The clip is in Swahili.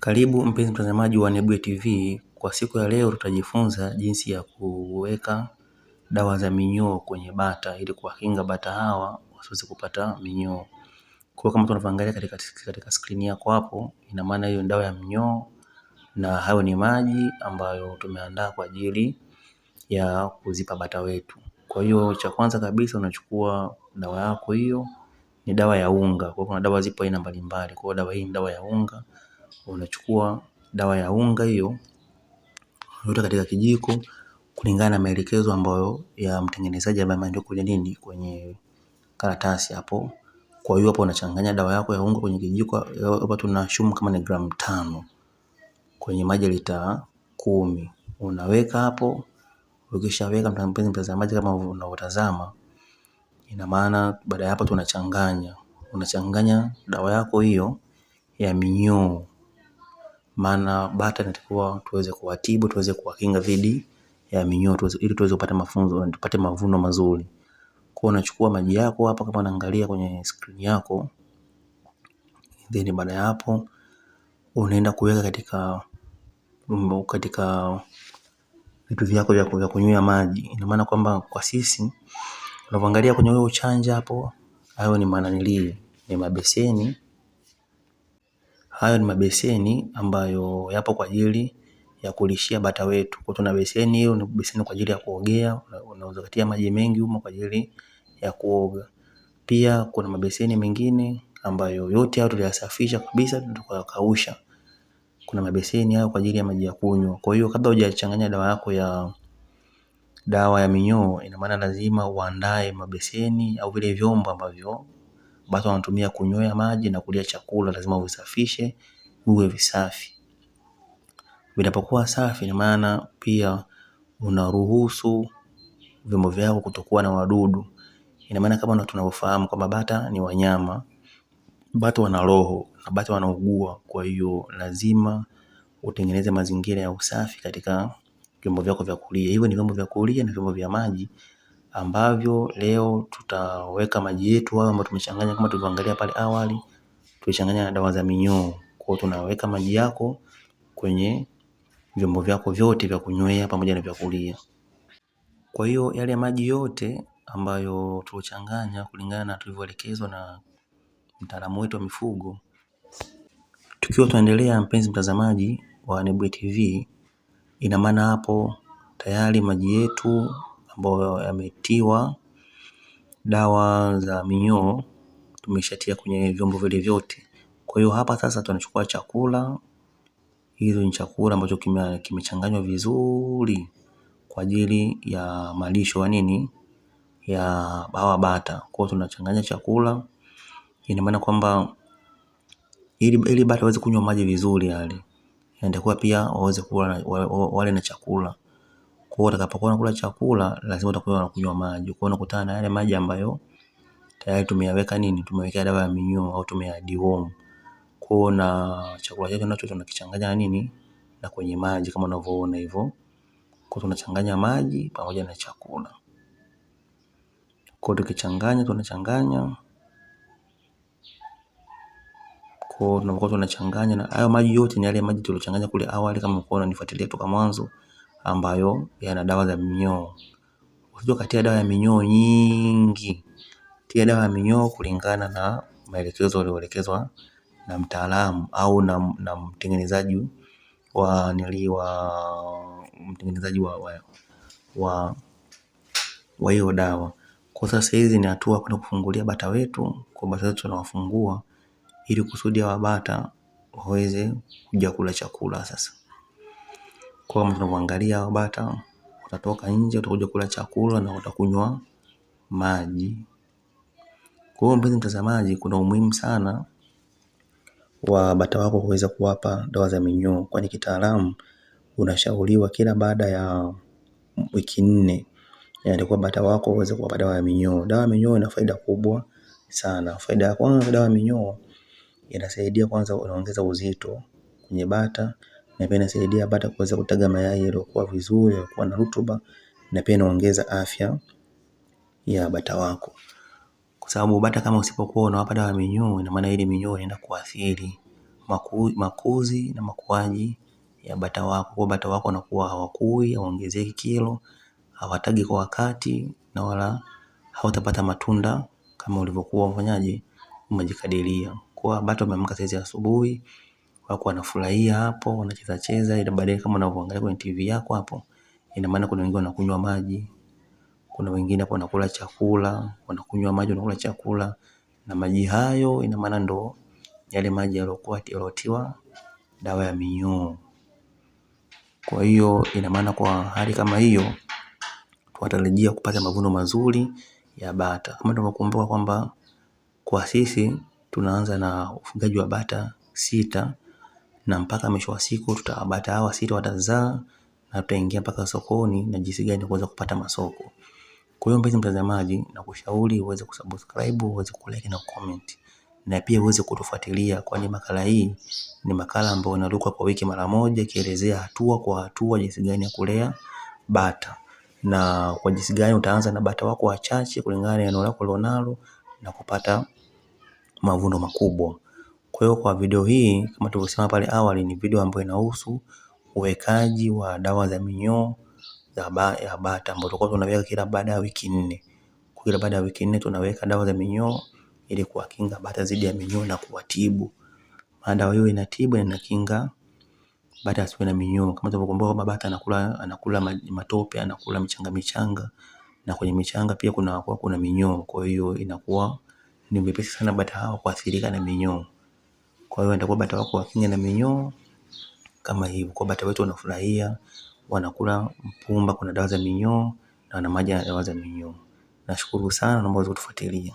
Karibu mpenzi mtazamaji wa Nebuye TV. Kwa siku ya leo tutajifunza jinsi ya kuweka dawa za minyoo kwenye bata ili kuwakinga bata hawa wasiweze kupata minyoo. Kwa kama tunavyoangalia katika, katika skrini yako hapo, ina maana hiyo ni dawa ya minyoo na hayo ni maji ambayo tumeandaa kwa ajili ya kuzipa bata wetu. Kwa hiyo cha kwanza kabisa unachukua dawa yako hiyo ni dawa ya unga. Kwa kuna dawa zipo aina mbalimbali. Kwa dawa hii ni dawa ya unga unachukua dawa ya unga hiyo unaweka katika kijiko kulingana na maelekezo ambayo ya mtengenezaji ambaye ameandika kwenye nini, kwenye karatasi hapo. Kwa hiyo hapo unachanganya dawa yako ya unga kwenye kijiko, hapa shumu kama ni gramu tano kwenye maji lita kumi, unaweka hapo. Ukishaweka mpenzi mtazamaji, kama unavyotazama, ina maana baada ya hapo tunachanganya, unachanganya dawa yako hiyo ya minyoo maana bata natakiwa tuweze kuwatibu, tuweze kuwakinga dhidi ya minyoo ili tuweze kupata mafunzo, tupate mavuno mazuri. Kwa unachukua maji yako hapa, kama unaangalia kwenye skrini yako, then baada ya hapo unaenda kuweka katika katika vitu vyako vya kunywea maji. Ina maana kwamba kwa sisi unavyoangalia kwenye huyo uchanja hapo, hayo ni maana ni mabeseni Hayo ni mabeseni ambayo yapo kwa ajili ya kulishia bata wetu. Kwa tuna beseni hiyo ni beseni kwa ajili ya kuogea, unaweza kutia maji mengi humo kwa ajili ya kuoga. Pia kuna mabeseni mengine ambayo yote hayo tuliyasafisha kabisa tukayakausha. Kuna mabeseni hayo kwa ajili ya maji ya kunywa. Kwa hiyo kabla hujachanganya dawa yako ya dawa ya minyoo, ina maana lazima uandae mabeseni au vile vyombo ambavyo watu wanatumia kunywea maji na kulia chakula, lazima uvisafishe uwe visafi. Vinapokuwa safi, ina maana pia unaruhusu vyombo vyako kutokuwa na wadudu. Ina maana kama tunavyofahamu kwamba bata ni wanyama, bata wana roho na bata wanaugua, kwa hiyo lazima utengeneze mazingira ya usafi katika vyombo vyako vya kulia, hivyo ni vyombo vya kulia na vyombo vya maji ambavyo leo tutaweka maji yetu hayo ambayo tumechanganya kama tulivyoangalia pale awali, tulichanganya na dawa za minyoo. Kwa hiyo tunaweka maji yako kwenye vyombo vyako vyote vya kunywea pamoja na vya kulia. Kwa hiyo yale maji yote ambayo tulochanganya kulingana na tulivyoelekezwa na mtaalamu wetu wa mifugo. Tukiwa tunaendelea, mpenzi mtazamaji wa Nebuye TV, ina maana hapo tayari maji yetu ambayo yametiwa dawa za minyoo tumeshatia kwenye vyombo vile vyote. Kwa hiyo hapa sasa tunachukua chakula, hizo ni chakula ambacho kimechanganywa vizuri kwa ajili ya malisho ya nini ya hawa bata. Kwa hiyo tunachanganya chakula, ina maana kwamba ili bata waweze kunywa maji vizuri yale, natakuwa pia waweze kula wale na chakula. Kwa hiyo utakapokuwa unakula chakula lazima utakuwa unakunywa maji. Kwa hiyo unakutana na yale maji ambayo tayari tumeyaweka nini, tumewekea dawa ya minyoo au tumeya deworm. Kwa hiyo na chakula chake nacho tunakichanganya na nini na kwenye maji kama unavyoona hivyo. Kwa tunachanganya maji pamoja na chakula. Kwa tukichanganya, tunachanganya kwa hiyo tunachanganya na hayo maji yote ni yale maji tuliochanganya kule awali, kama ulikuwa unanifuatilia toka mwanzo ambayo yana dawa za minyoo. Unatakiwa katia dawa ya minyoo nyingi. Tia dawa ya minyoo kulingana na maelekezo yaliyoelekezwa na mtaalamu au na, na mtengenezaji wa nili wa mtengenezaji wa wa wa wa hiyo dawa. Kwa sasa hizi ni hatua kwenda kufungulia bata wetu, kwa bata wetu tunawafungua ili kusudi hawa bata waweze kuja kula chakula sasa. Kwa kama tunavyoangalia bata watatoka nje, utakuja kula chakula na utakunywa maji. Kwa hiyo mpenzi mtazamaji, kuna umuhimu sana wa bata wako kuweza kuwapa dawa za minyoo, kwani kitaalamu unashauriwa kila baada ya wiki nne yaani kwa bata wako uweze kuwapa dawa ya minyoo. Dawa ya minyoo ina faida kubwa sana. Faida ya kwanza, dawa ya minyoo inasaidia kwanza, inaongeza uzito kwenye bata na pia inasaidia bata kuweza kutaga mayai yaliyokuwa vizuri, yaliyokuwa na rutuba, na pia inaongeza afya ya bata wako, kwa sababu bata kama usipokuwa unawapa dawa ya minyoo, ina maana ile minyoo inaenda kuathiri maku, makuzi na makuaji ya bata wako. Kwa bata wako wanakuwa hawakui, hawaongezeki kilo, hawatagi kwa wakati na wala hawatapata matunda kama ulivyokuwa mfanyaji umejikadiria. Kwa bata umeamka saizi asubuhi, wako wanafurahia hapo, wanacheza cheza, ila baadaye kama unavyoangalia kwenye TV yako hapo, ina maana kuna wengine wanakunywa maji, kuna wengine hapo wanakula chakula, wanakunywa maji, wanakula chakula, na maji hayo ina maana ndo yale maji yaliokuwa yalotiwa dawa ya minyoo. Kwa hiyo ina maana kwa hali kama hiyo tunatarajia kupata mavuno mazuri ya bata. Kama tunakumbuka kwamba kwa sisi tunaanza na ufugaji wa bata sita na mpaka mwisho wa siku tutawabata hawa sita watazaa na tutaingia mpaka sokoni na jinsi gani kuweza kupata masoko. Kwa hiyo mpenzi mtazamaji, na kushauri uweze kusubscribe, uweze kulike na comment na pia uweze kutufuatilia, kwani makala hii ni makala ambayo inaruka kwa wiki mara moja, ikielezea hatua kwa hatua jinsi gani ya kulea bata na kwa jinsi gani utaanza na bata wako wachache kulingana na eneo lako ulilonalo na kupata mavuno makubwa. Kwa hiyo kwa video hii kama tulivyosema pale awali, ni video ambayo inahusu uwekaji wa dawa za minyoo za ba, ya bata ambapo tulikuwa tunaweka kila baada ya wiki nne. kila baada ya wiki nne tunaweka dawa za minyoo ili kuwakinga bata dhidi ya minyoo na kuwatibu. Maana dawa hiyo inatibu na inakinga bata asiwe na minyoo. Kama tunavyokumbuka kwamba bata anakula anakula matope, anakula michanga michanga na kwenye michanga pia kuna kuna minyoo. Kwa hiyo inakuwa ni vyepesi sana bata hawa kuathirika na minyoo. Kwa hiyo ndio bata wako wakinga na minyoo kama hivyo. Kwa bata wetu wanafurahia, wanakula mpumba, kuna dawa za minyoo na wana maji ya dawa za minyoo. Nashukuru sana, naomba uweze kutufuatilia.